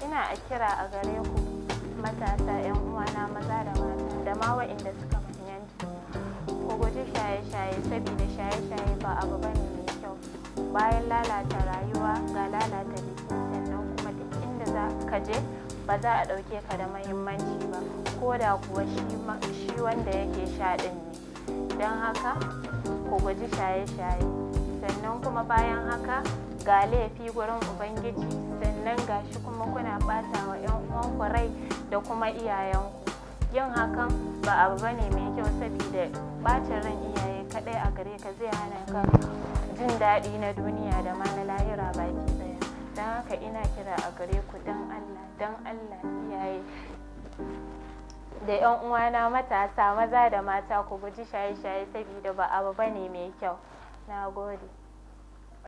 ina a kira a gare ku matasa 'yan uwana maza da mata da ma waɗanda suka manyanta ku guji shaye-shaye saboda shaye-shaye ba abu ne mai kyau bayan lalata rayuwa ga lalata jiki sannan kuma duk inda za ka je ba za a ɗauke ka da mahimmanci ba ko da kuwa shi wanda yake sha ɗin ne don haka ku guji shaye-shaye sannan kuma bayan haka ga laifi gurin ubangiji gashi kuma kuna ɓata wa 'yan uwanku rai da kuma iyayenku yin hakan ba abu bane mai kyau saboda ɓacin ran iyaye kaɗai a gare ka zai hana ka jin daɗi na duniya da ma na lahira baki ɗaya don haka ina kira a gare ku don allah don allah iyaye da 'yan uwana matasa maza da mata ku guji shaye-shaye saboda ba abu bane mai kyau na gode